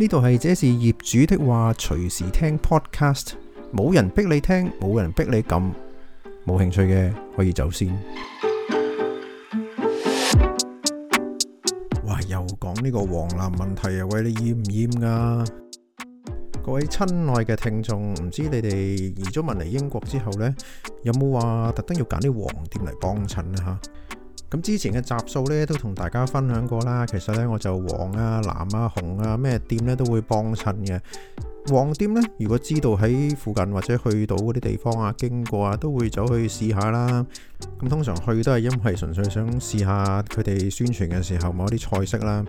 呢度係這是這事業主的話，隨時聽 podcast，冇人逼你聽，冇人逼你撳，冇興趣嘅可以走先。哇，又講呢個黃藍問題啊！喂，你厭唔厭啊？各位親愛嘅聽眾，唔知你哋移咗民嚟英國之後呢，有冇話特登要揀啲黃店嚟幫襯啊？咁之前嘅集數呢都同大家分享過啦，其實呢我就黃啊、藍啊、紅啊咩店呢都會幫襯嘅。黃店呢，如果知道喺附近或者去到嗰啲地方啊、經過啊，都會走去試下啦。咁通常去都係因為純粹想試下佢哋宣傳嘅時候某啲菜式啦。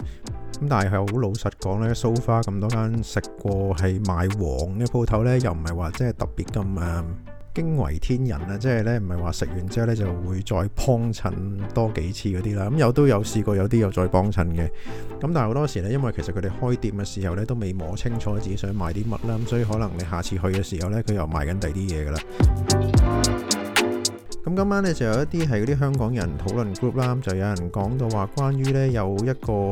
咁但係係好老實講呢，so far 咁多間食過係賣黃嘅鋪頭呢，又唔係話真係特別咁啊。驚為天人啦，即係咧唔係話食完之後咧就會再幫襯多幾次嗰啲啦。咁、嗯、有都有試過有啲又再幫襯嘅，咁但係好多時呢，因為其實佢哋開店嘅時候呢都未摸清楚自己想賣啲乜啦，咁所以可能你下次去嘅時候呢，佢又賣緊第啲嘢噶啦。咁今晚咧就有一啲係嗰啲香港人討論 group 啦，就有人講到話關於呢有一個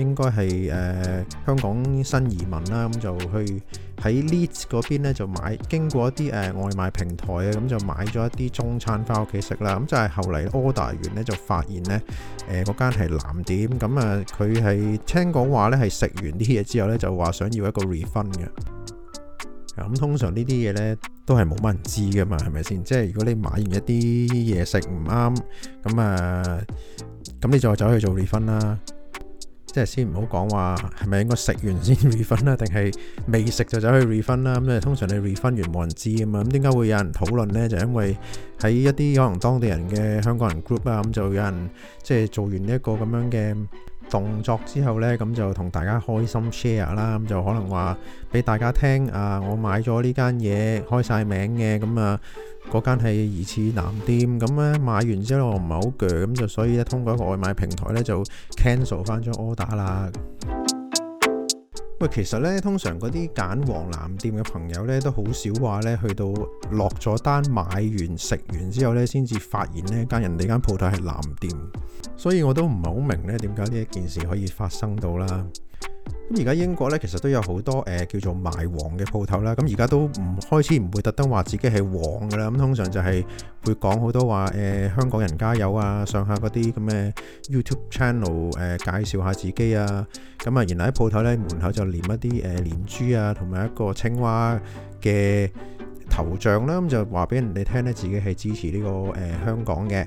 應該係誒、呃、香港新移民啦，咁、嗯、就去喺 Leeds 嗰邊咧就買，經過一啲誒、呃、外賣平台啊，咁、嗯、就買咗一啲中餐翻屋企食啦。咁、嗯、就係、是、後嚟 order 完呢就發現呢誒嗰、呃、間係藍點，咁啊佢係聽講話呢係食完啲嘢之後呢，就話想要一個 refund 嘅。咁通常呢啲嘢呢都係冇乜人知噶嘛，係咪先？即係如果你買完一啲嘢食唔啱，咁啊咁你再走去做 refund 啦，即係先唔好講話係咪應該食完先 refund 啦，定係未食就走去 refund 啦？咁啊通常你 refund 完冇人知啊嘛，咁點解會有人討論呢？就因為喺一啲可能當地人嘅香港人 group 啊，咁就有人即係做完呢一個咁樣嘅。動作之後呢，咁就同大家開心 share 啦，咁就可能話俾大家聽啊，我買咗呢間嘢，開晒名嘅，咁啊嗰間係疑似藍店，咁呢、啊，買完之後我唔係好攰。咁就所以呢，通過一個外賣平台呢，就 cancel 翻張 order 啦。喂，其實呢，通常嗰啲揀黃藍店嘅朋友呢，都好少話呢去到落咗單、買完、食完之後呢，先至發現呢間人哋間鋪頭係藍店，所以我都唔係好明呢點解呢一件事可以發生到啦。咁而家英國咧，其實都有好多誒叫做賣黃嘅鋪頭啦。咁而家都唔開始唔會特登話自己係黃㗎喇。咁通常就係會講好多話誒香港人加油啊，上下嗰啲咁嘅 YouTube channel 誒介紹下自己啊。咁啊，然後喺鋪頭咧門口就連一啲誒連珠啊，同埋一個青蛙嘅頭像啦。咁就話俾人哋聽咧，自己係支持呢個誒香港嘅。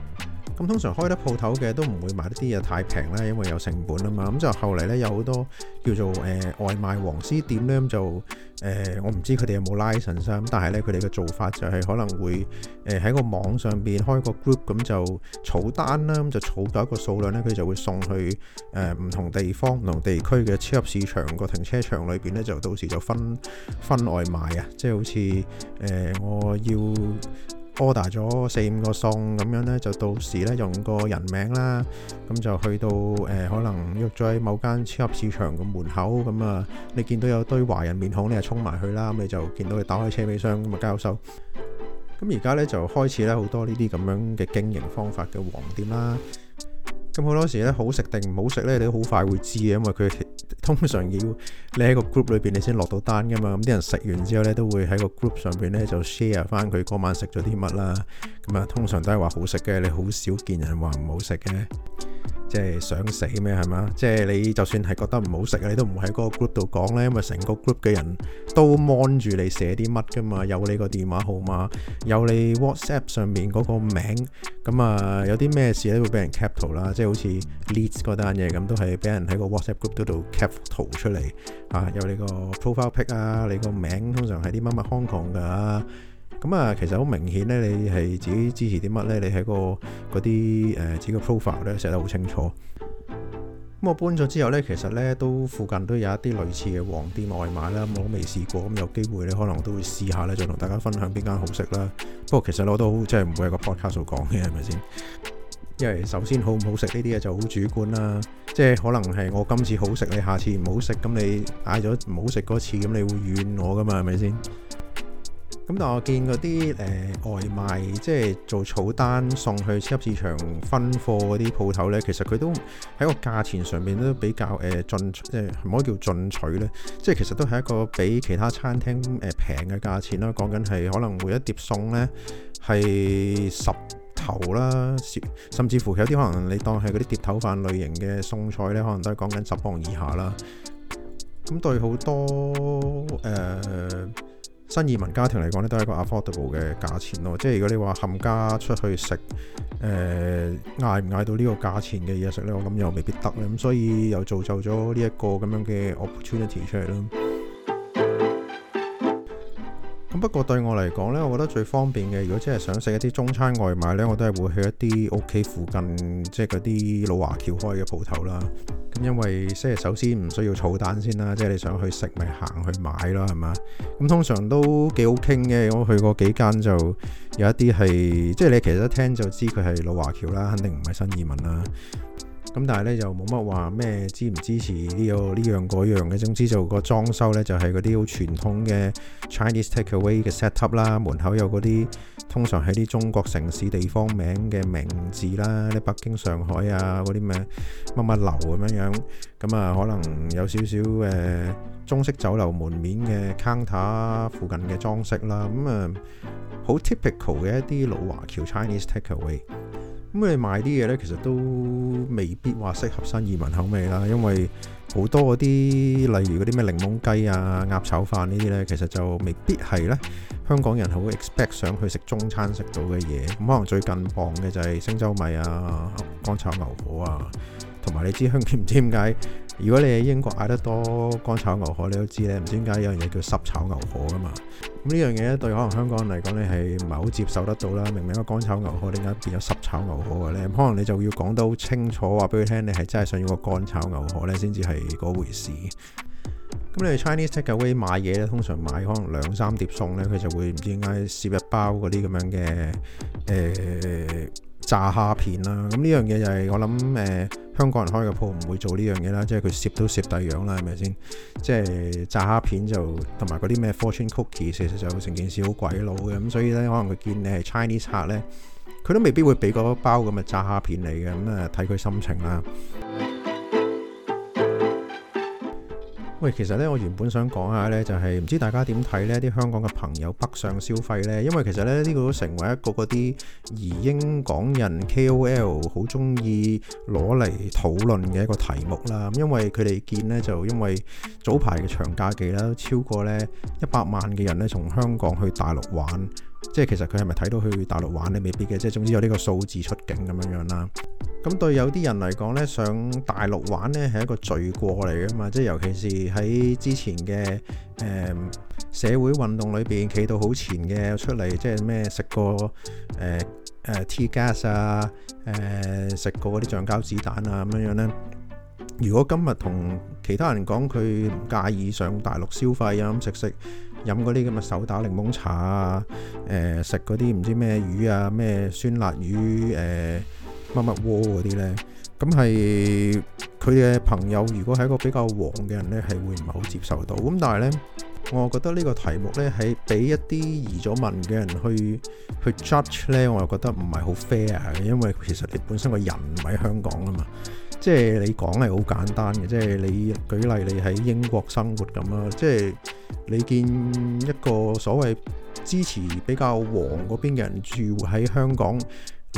咁通常開得鋪頭嘅都唔會買啲嘢太平啦，因為有成本啊嘛。咁就後嚟咧有好多叫做誒外賣黃絲店咧，咁就誒我唔知佢哋有冇 license，但係咧佢哋嘅做法就係可能會誒喺個網上邊開個 group，咁就儲單啦，咁就儲到一個數量咧，佢就會送去誒唔同地方、唔同地區嘅超級市場個停車場裏邊咧，就到時就分分外賣啊，即係好似誒我要。order 咗四五個餸咁樣咧，就到時咧用個人名啦，咁就去到誒，可能約咗喺某間超級市場嘅門口咁啊，你見到有堆華人面孔你，就衝埋去啦，咁你就見到佢打開車尾箱咁啊交收。咁而家咧就開始咧好多呢啲咁樣嘅經營方法嘅黃店啦。咁好多時咧好食定唔好食咧，你都好快會知嘅，因為佢。通常要你喺個 group 裏邊，你先落到單㗎嘛。咁啲人食完之後呢，都會喺個 group 上邊呢，就 share 返佢嗰晚食咗啲乜啦。咁啊，通常都係話好食嘅，你好少見人話唔好食嘅。即係想死咩係嘛？即係你就算係覺得唔好食啊，你都唔會喺嗰個 group 度講咧，因為成個 group 嘅人都望住你寫啲乜噶嘛，有你個電話號碼，有你 WhatsApp 上面嗰個名，咁啊有啲咩事咧會俾人 cap 圖啦，即係好似 leads 嗰單嘢咁，都係俾人喺個 WhatsApp group 嗰度 cap 圖出嚟啊，有你個 profile pic 啊，你個名通常係啲乜乜 Hong Kong 噶。咁啊，其實好明顯咧，你係自己支持啲乜咧？你喺個嗰啲誒自己嘅 profile 咧寫得好清楚。咁我搬咗之後咧，其實咧都附近都有一啲類似嘅黃店外賣啦，我都未試過。咁有機會咧，你可能都會試下咧，再同大家分享邊間好食啦。不過其實我都好，即係唔會喺個 podcast 度講嘅，係咪先？因為首先好唔好食呢啲嘢就好主觀啦，即係可能係我今次好食，你下次唔好食，咁你嗌咗唔好食嗰次，咁你會怨我㗎嘛？係咪先？咁但我見嗰啲誒外賣，即係做草單送去超級市場分貨嗰啲鋪頭咧，其實佢都喺個價錢上面都比較誒進，即係唔可以叫進取呢，即係其實都係一個比其他餐廳誒平嘅價錢啦。講緊係可能每一碟餸呢係十頭啦，甚至乎有啲可能你當係嗰啲碟頭飯類型嘅餸菜呢，可能都係講緊十磅以下啦。咁對好多誒。呃新移民家庭嚟講呢都係一個 affordable 嘅價錢咯。即係如果你話冚家出去食，誒嗌唔嗌到呢個價錢嘅嘢食呢？我諗又未必得咧。咁、嗯、所以又造就咗呢一個咁樣嘅 opportunity 出嚟咯。不過對我嚟講咧，我覺得最方便嘅，如果真係想食一啲中餐外賣咧，我都係會去一啲屋企附近，即係嗰啲老華僑開嘅鋪頭啦。咁因為即係首先唔需要草單先啦，即係你想去食咪行去買啦，係嘛？咁通常都幾好傾嘅，我去過幾間就有一啲係，即係你其實一聽就知佢係老華僑啦，肯定唔係新移民啦。咁但係咧就冇乜話咩支唔支持呢個呢樣嗰樣嘅，總之就個裝修咧就係嗰啲好傳統嘅 Chinese takeaway 嘅 setup 啦，門口有嗰啲通常喺啲中國城市地方名嘅名字啦，啲北京上海啊嗰啲咩乜乜樓咁樣樣，咁啊可能有少少誒中式酒樓門面嘅 counter 附近嘅裝飾啦，咁啊好 typical 嘅一啲老華僑 Chinese takeaway。咁你賣啲嘢呢，其實都未必話適合新移民口味啦，因為好多嗰啲例如嗰啲咩檸檬雞啊、鴨炒飯呢啲呢，其實就未必係呢。香港人好 expect 想去食中餐食到嘅嘢。咁可能最近磅嘅就係星洲米啊、乾炒牛河啊，同埋你知香港唔知點解，如果你喺英國嗌得多乾炒牛河，你都知呢，唔知點解有樣嘢叫濕炒牛河啊嘛。咁呢樣嘢咧，對可能香港人嚟講你係唔係好接受得到啦？明明一個乾炒牛河，點解變咗濕炒牛河嘅咧？可能你就要講得好清楚，話俾佢聽，你係真係想要個乾炒牛河咧，先至係嗰回事。咁你去 Chinese takeaway 買嘢咧，通常買可能兩三碟餸咧，佢就會唔知點解攝一包嗰啲咁樣嘅誒。欸炸蝦片啦，咁、嗯、呢樣嘢就係、是、我諗誒、呃、香港人開嘅鋪唔會做呢樣嘢啦，即係佢攝都攝第樣啦，係咪先？即係炸蝦片就同埋嗰啲咩 fortune cookie，其實就成件事好鬼老嘅，咁、嗯、所以呢，可能佢見你係 Chinese 客呢，佢都未必會俾嗰包咁嘅炸蝦片你嘅，咁啊睇佢心情啦。喂，其實咧，我原本想講下咧，就係唔知大家點睇呢啲香港嘅朋友北上消費呢？因為其實咧，呢個都成為一個嗰啲移英港人 KOL 好中意攞嚟討論嘅一個題目啦。因為佢哋見呢，就因為早排嘅長假期啦，超過呢一百萬嘅人呢從香港去大陸玩，即係其實佢係咪睇到去大陸玩咧，未必嘅。即係總之有呢個數字出境咁樣樣啦。咁對有啲人嚟講呢，上大陸玩呢，係一個罪過嚟㗎嘛。即係尤其是喺之前嘅誒、呃、社會運動裏邊企到好前嘅，出嚟即係咩食過誒誒 tear gas 啊，誒、呃、食過嗰啲橡膠子彈啊咁樣樣咧。如果今日同其他人講佢唔介意上大陸消費啊，咁食食飲嗰啲咁嘅手打檸檬茶啊，誒食嗰啲唔知咩魚啊，咩酸辣魚誒。呃密密窩嗰啲咧，咁係佢嘅朋友。如果係一個比較黃嘅人咧，係會唔係好接受到？咁但係咧，我覺得呢個題目咧，係俾一啲移咗民嘅人去去 judge 咧，我又覺得唔係好 fair。因為其實你本身個人唔喺香港啊嘛，即係你講係好簡單嘅，即係你舉例你喺英國生活咁啊，即係你見一個所謂支持比較黃嗰邊嘅人住喺香港。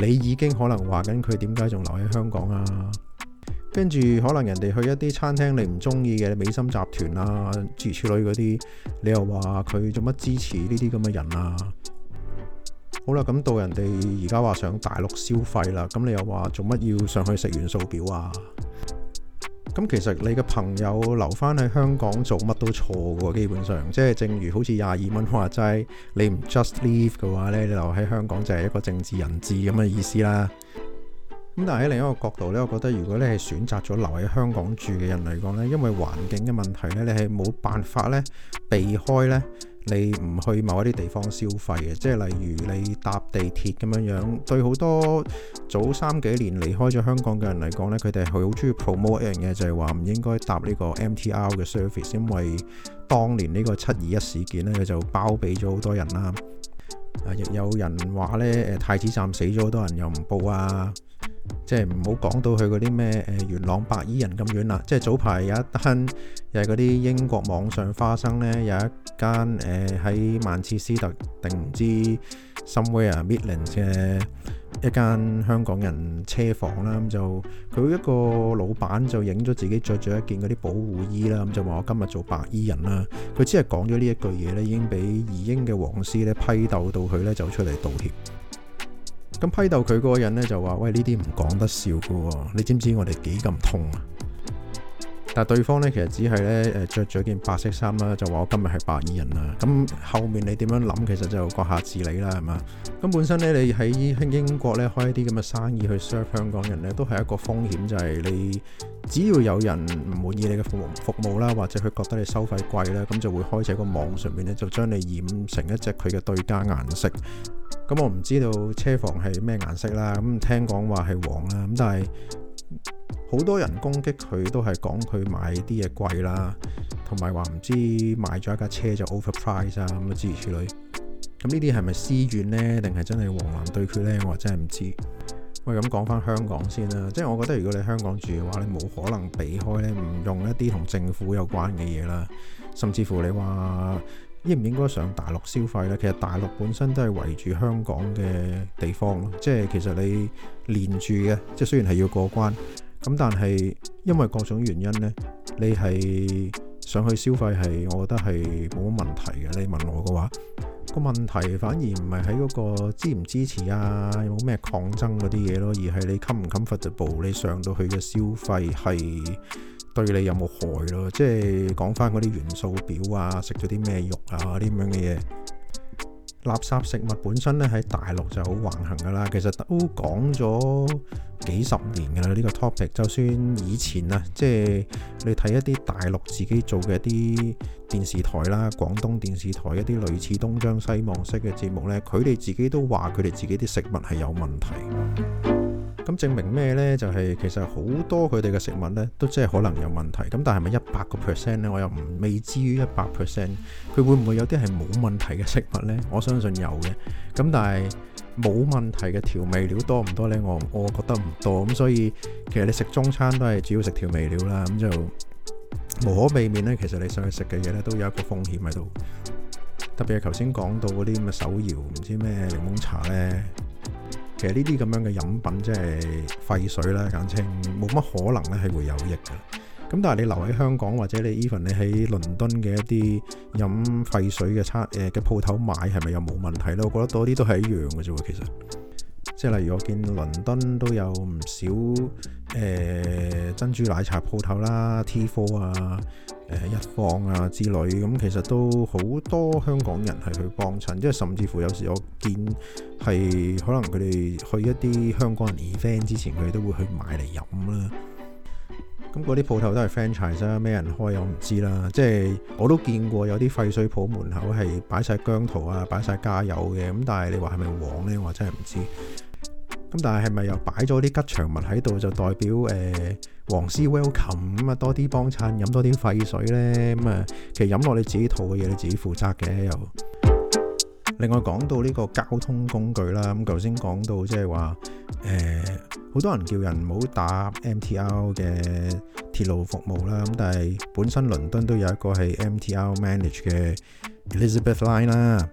你已經可能話緊佢點解仲留喺香港啊？跟住可能人哋去一啲餐廳，你唔中意嘅美心集團啊、諸如此類嗰啲，你又話佢做乜支持呢啲咁嘅人啊？好啦，咁到人哋而家話上大陸消費啦，咁你又話做乜要上去食元素表啊？咁其實你嘅朋友留翻喺香港做乜都錯嘅喎，基本上即係正如好似廿二蚊話齋，你唔 just leave 嘅話呢，你留喺香港就係一個政治人質咁嘅意思啦。咁但係喺另一個角度呢，我覺得如果你係選擇咗留喺香港住嘅人嚟講呢，因為環境嘅問題呢，你係冇辦法呢避開呢。你唔去某一啲地方消費嘅，即係例如你搭地鐵咁樣樣，對好多早三幾年離開咗香港嘅人嚟講呢，佢哋係好中意 promote 一樣嘢，就係話唔應該搭呢個 MTR 嘅 service，因為當年呢個七二一事件呢，佢就包庇咗好多人啊！啊，亦有人話呢，太子站死咗好多人又唔報啊！即係唔好講到去嗰啲咩誒元朗白衣人咁遠啦，即係早排有一單又係嗰啲英國網上花生呢，有一間誒喺曼徹斯特定唔知 Somewhere Midlands 嘅一間香港人車房啦，咁就佢一個老闆就影咗自己着咗一件嗰啲保護衣啦，咁就話我今日做白衣人啦。佢只係講咗呢一句嘢呢，已經俾二英嘅黃絲呢批鬥到佢呢，走出嚟道歉。咁批鬥佢嗰個人呢，就話：喂，呢啲唔講得笑㗎喎，哦！你知唔知我哋幾咁痛啊？但係對方呢，其實只係呢誒著咗件白色衫啦，就話我今日係白衣人啦。咁後面你點樣諗？其實就閣下自理啦，係嘛？咁本身呢，你喺英國呢開一啲咁嘅生意去 serve 香港人呢，都係一個風險，就係、是、你只要有人唔滿意你嘅服務服務啦，或者佢覺得你收費貴啦，咁就會開始喺個網上面呢，就將你染成一隻佢嘅對家顏色。咁我唔知道車房係咩顏色啦，咁聽講話係黃啦，咁但係好多人攻擊佢，都係講佢買啲嘢貴啦，同埋話唔知買咗一架車就 overpriced 啊，咁諸如此類。咁呢啲係咪私怨咧，定係真係黃藍對決咧？我真係唔知。喂，咁講返香港先啦，即係我覺得如果你香港住嘅話，你冇可能避開咧，唔用一啲同政府有關嘅嘢啦，甚至乎你話。應唔應該上大陸消費呢？其實大陸本身都係圍住香港嘅地方，即係其實你連住嘅，即係雖然係要過關，咁但係因為各種原因呢，你係上去消費係，我覺得係冇乜問題嘅。你問我嘅話，個問題反而唔係喺嗰個支唔支持啊，有冇咩抗爭嗰啲嘢咯，而係你冚唔冚佛就暴，你上到去嘅消費係。對你有冇害咯？即係講返嗰啲元素表啊，食咗啲咩肉啊，呢啲咁樣嘅嘢。垃圾食物本身咧喺大陸就好橫行㗎喇。其實都講咗幾十年㗎喇呢個 topic。就算以前啊，即係你睇一啲大陸自己做嘅一啲電視台啦，廣東電視台一啲類似東張西望式嘅節目呢，佢哋自己都話佢哋自己啲食物係有問題。咁證明咩呢？就係其實好多佢哋嘅食物呢，都即係可能有問題。咁但係咪一百個 percent 呢？我又唔未至於一百 percent。佢會唔會有啲係冇問題嘅食物呢？我相信有嘅。咁但係冇問題嘅調味料多唔多呢？我我覺得唔多。咁所以其實你食中餐都係主要食調味料啦。咁就無可避免呢。其實你上去食嘅嘢呢，都有一個風險喺度。特別係頭先講到嗰啲咁嘅手搖，唔知咩檸檬茶呢。其實呢啲咁樣嘅飲品，即係廢水啦，簡稱冇乜可能咧係會有益嘅。咁但係你留喺香港或者你 even 你喺倫敦嘅一啲飲廢水嘅餐誒嘅鋪頭買係咪又冇問題咧？我覺得多啲都係一樣嘅啫喎，其實。即係例如我見倫敦都有唔少誒、呃、珍珠奶茶鋪頭啦，T4 啊、誒一芳啊之類，咁、嗯、其實都好多香港人係去幫襯，即係甚至乎有時我見係可能佢哋去一啲香港人 event 之前，佢哋都會去買嚟飲啦。咁嗰啲鋪頭都係 franchise 咩人開我唔知啦。即係我都見過有啲廢水鋪門口係擺晒薑濤啊、擺晒加油嘅，咁但係你話係咪黃呢？我真係唔知。咁但係係咪又擺咗啲吉祥物喺度就代表，誒，黃絲 welcome，咁啊多啲幫襯，飲多啲廢水呢？咁啊其實飲落你自己肚嘅嘢，你自己負責嘅。又另外講到呢個交通工具啦，咁頭先講到即係話誒，好多人叫人唔好搭 MTR 嘅鐵路服務啦，咁但係本身倫敦都有一個係 MTR manage 嘅 Elizabeth Line 啦，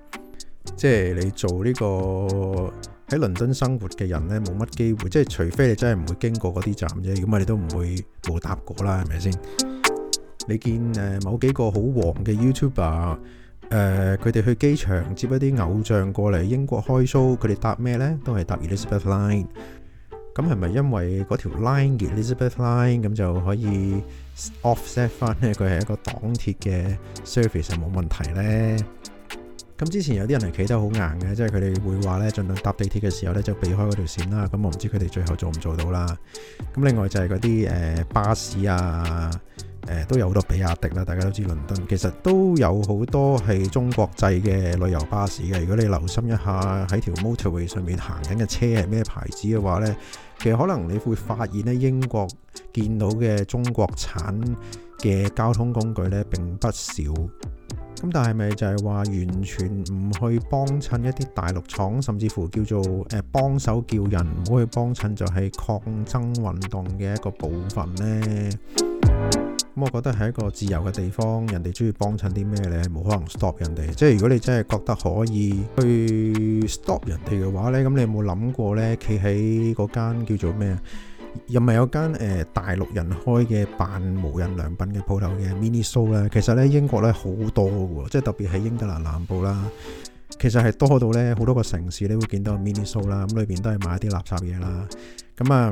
即係你做呢個。喺倫敦生活嘅人呢，冇乜機會，即係除非你真係唔會經過嗰啲站啫，咁啊你都唔會冇搭過啦，係咪先？你見誒某幾個好黃嘅 YouTuber 啊，誒佢哋去機場接一啲偶像過嚟英國開 show，佢哋搭咩呢？都係搭 Elizabeth Line。咁係咪因為嗰條 Line Elizabeth Line 咁就可以 offset 返呢？佢係一個擋鐵嘅 service 冇問題呢？咁之前有啲人嚟企得好硬嘅，即係佢哋會話咧，盡量搭地鐵嘅時候咧就避開嗰條線啦。咁我唔知佢哋最後做唔做到啦。咁另外就係嗰啲誒巴士啊，誒、呃、都有好多比亞迪啦，大家都知。倫敦其實都有好多係中國製嘅旅遊巴士嘅。如果你留心一下喺條 motorway 上面行緊嘅車係咩牌子嘅話咧，其實可能你會發現咧英國見到嘅中國產，嘅交通工具呢，並不少，咁但係咪就係話完全唔去幫襯一啲大陸廠，甚至乎叫做誒、呃、幫手叫人唔好去幫襯，就係抗爭運動嘅一個部分呢？咁我覺得係一個自由嘅地方，人哋中意幫襯啲咩呢？冇可能 stop 人哋。即係如果你真係覺得可以去 stop 人哋嘅話呢，咁你有冇諗過呢？企喺嗰間叫做咩？又咪有間誒、呃、大陸人開嘅扮無印良品嘅鋪頭嘅 Miniso 啦，其實咧英國咧好多嘅，即係特別喺英格蘭南部啦，其實係多到咧好多個城市你會見到 Miniso 啦，咁裏邊都係買一啲垃圾嘢啦，咁啊。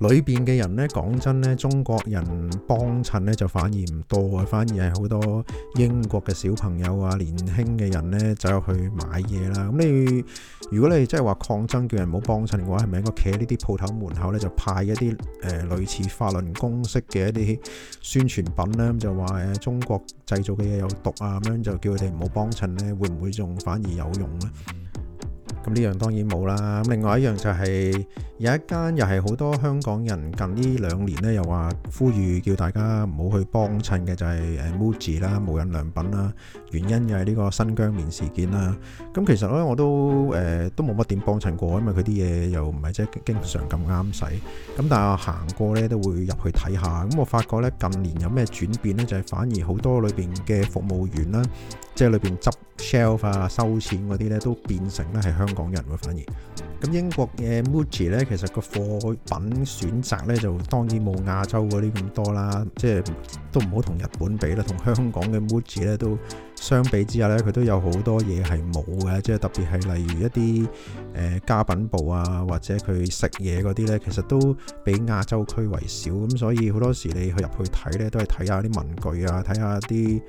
裏邊嘅人呢，講真呢，中國人幫襯呢就反而唔多啊，反而係好多英國嘅小朋友啊、年輕嘅人呢，走入去買嘢啦。咁你如果你係真係話抗爭，叫人唔好幫襯嘅話，係咪應該企喺呢啲鋪頭門口呢，就派一啲誒、呃、類似法輪功式嘅一啲宣傳品呢，就話誒中國製造嘅嘢有毒啊咁樣，就叫佢哋唔好幫襯呢，會唔會仲反而有用呢？咁呢樣當然冇啦。咁另外一樣就係有一間又係好多香港人近呢兩年呢又話呼籲叫大家唔好去幫襯嘅就係誒 MUJI 啦、無印良品啦，原因又係呢個新疆棉事件啦。咁其實呢我都誒都冇乜點幫襯過，因為佢啲嘢又唔係即係經常咁啱使。咁但係我行過呢都會入去睇下。咁我發覺呢近年有咩轉變呢，就係反而好多裏邊嘅服務員啦，即係裏邊執 shelf 啊收錢嗰啲咧都變成咧係香港人喎，反而咁英國嘅 Muji 咧，其實個貨品選擇咧就當然冇亞洲嗰啲咁多啦，即係都唔好同日本比啦，同香港嘅 Muji 咧都相比之下咧，佢都有好多嘢係冇嘅，即係特別係例如一啲誒家品部啊，或者佢食嘢嗰啲咧，其實都比亞洲區為少，咁所以好多時你去入去睇咧，都係睇下啲文具啊，睇下啲。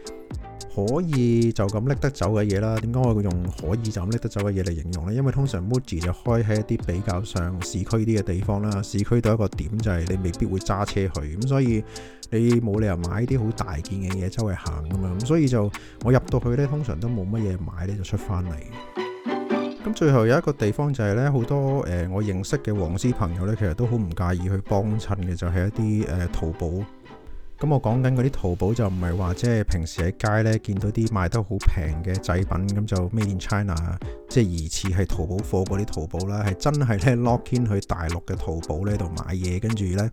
可以就咁拎得走嘅嘢啦，點解我用可以就咁拎得走嘅嘢嚟形容呢？因為通常 Muji 就開喺一啲比較上市區啲嘅地方啦，市區都有一個點就係你未必會揸車去，咁所以你冇理由買啲好大件嘅嘢周圍行㗎嘛，咁所以就我入到去呢，通常都冇乜嘢買呢就出翻嚟。咁最後有一個地方就係呢，好多誒我認識嘅黃絲朋友呢，其實都好唔介意去幫襯嘅，就係一啲誒淘寶。咁我講緊嗰啲淘寶就唔係話即係平時喺街呢見到啲賣得好平嘅製品，咁就 Made in China，即係疑似係淘寶貨嗰啲淘寶啦，係真係呢 lock in 去大陸嘅淘寶呢度買嘢，跟住呢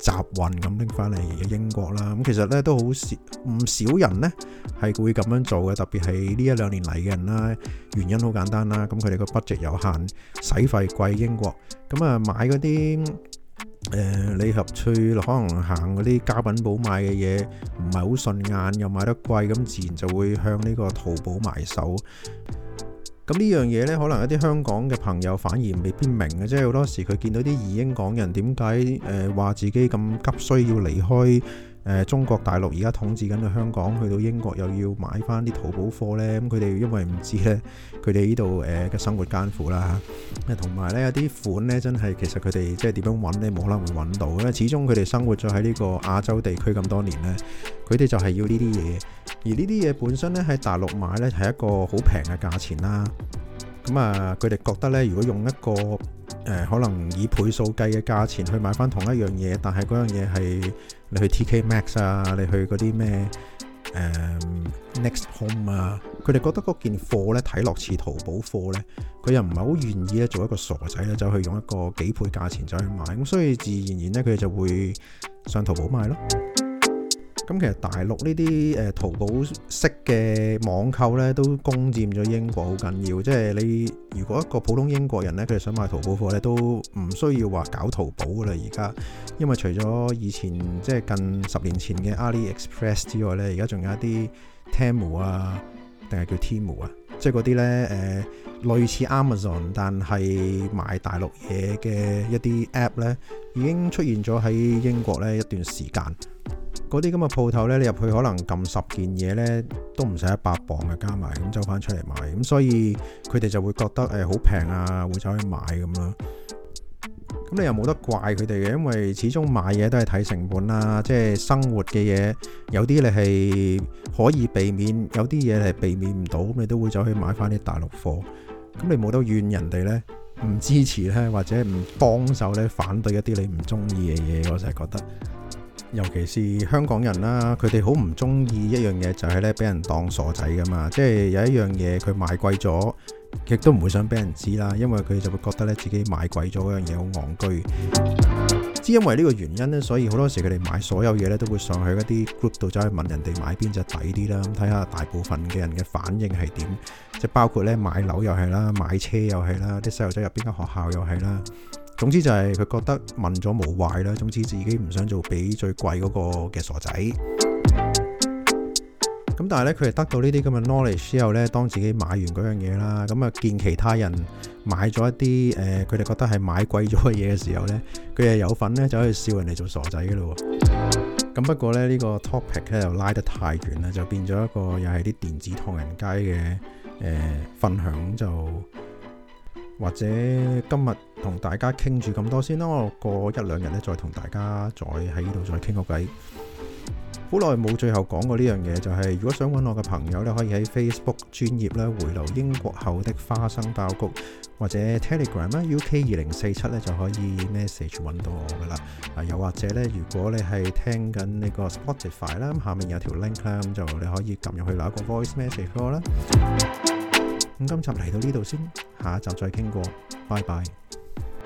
集運咁拎翻嚟英國啦。咁其實呢都好少唔少人呢係會咁樣做嘅，特別係呢一兩年嚟嘅人啦。原因好簡單啦，咁佢哋個 budget 有限，使費貴英國，咁啊買嗰啲。誒、呃、你合翠可能行嗰啲家品寶，買嘅嘢唔係好順眼，又買得貴，咁自然就會向呢個淘寶埋手。咁呢樣嘢呢，可能一啲香港嘅朋友反而未必明嘅，即係好多時佢見到啲移英港人點解誒話自己咁急需要離開？誒、呃、中國大陸而家統治緊嘅香港，去到英國又要買翻啲淘寶貨呢。咁佢哋因為唔知呢，佢哋呢度誒嘅生活艱苦啦嚇，同埋呢，有啲款呢真係其實佢哋即係點樣揾呢？冇可能會揾到，因為始終佢哋生活咗喺呢個亞洲地區咁多年呢，佢哋就係要呢啲嘢，而呢啲嘢本身呢，喺大陸買呢係一個好平嘅價錢啦。咁啊，佢哋、嗯、覺得呢，如果用一個誒、呃，可能以倍數計嘅價錢去買返同一樣嘢，但係嗰樣嘢係你去 TK Max 啊，你去嗰啲咩誒 Next Home 啊，佢哋覺得嗰件貨呢，睇落似淘寶貨呢，佢又唔係好願意咧做一個傻仔咧就去用一個幾倍價錢就去買，咁、嗯、所以自然而然呢，佢哋就會上淘寶買咯。咁其實大陸呢啲誒淘寶式嘅網購呢，都攻佔咗英國好緊要。即係你如果一個普通英國人呢，佢哋想買淘寶貨呢，都唔需要話搞淘寶噶啦。而家因為除咗以前即係近十年前嘅 AliExpress 之外呢，而家仲有一啲 Temu 啊，定係叫 Timu 啊，即係嗰啲呢，誒、呃、類似 Amazon 但係賣大陸嘢嘅一啲 App 呢，已經出現咗喺英國呢一段時間。嗰啲咁嘅鋪頭呢，你入去可能撳十件嘢呢，都唔使一百磅嘅，加埋，咁走翻出嚟買，咁所以佢哋就會覺得誒好平啊，會走去買咁咯。咁你又冇得怪佢哋嘅，因為始終買嘢都係睇成本啦，即係生活嘅嘢，有啲你係可以避免，有啲嘢係避免唔到，咁你都會走去買翻啲大陸貨。咁你冇得怨人哋呢，唔支持呢，或者唔幫手呢，反對一啲你唔中意嘅嘢，我就係覺得。尤其是香港人啦，佢哋好唔中意一樣嘢就係呢，俾人當傻仔噶嘛。即係有一樣嘢佢買貴咗，亦都唔會想俾人知啦，因為佢就會覺得呢，自己買貴咗嗰樣嘢好昂居。即因為呢個原因呢，所以好多時佢哋買所有嘢呢，都會上去一啲 group 度走去問人哋買邊隻抵啲啦，咁睇下大部分嘅人嘅反應係點。即包括呢買樓又係啦，買車又係啦，啲細路仔入邊間學校又係啦。總之就係佢覺得問咗冇壞啦，總之自己唔想做比最貴嗰個嘅傻仔。咁但係呢，佢係得到呢啲咁嘅 knowledge 之後呢，當自己買完嗰樣嘢啦，咁啊見其他人買咗一啲誒，佢哋覺得係買貴咗嘅嘢嘅時候呢，佢就有份呢就可以笑人哋做傻仔噶咯。咁不過呢，呢個 topic 呢又拉得太遠啦，就變咗一個又係啲電子唐人街嘅誒、呃、分享就，就或者今日。同大家傾住咁多先咯，過一兩日咧再同大家再喺呢度再傾個偈。好耐冇最後講過呢樣嘢，就係如果想揾我嘅朋友咧，可以喺 Facebook 專頁咧回流英國後的花生爆谷，或者 Telegram 咧 UK 二零四七咧就可以 message 揾到我噶啦。啊，又或者咧，如果你係聽緊呢個 Spotify 啦，咁下面有條 link 啦，咁就你可以撳入去攞個 Voice Message 啦。咁今集嚟到呢度先，下一集再傾過。拜拜。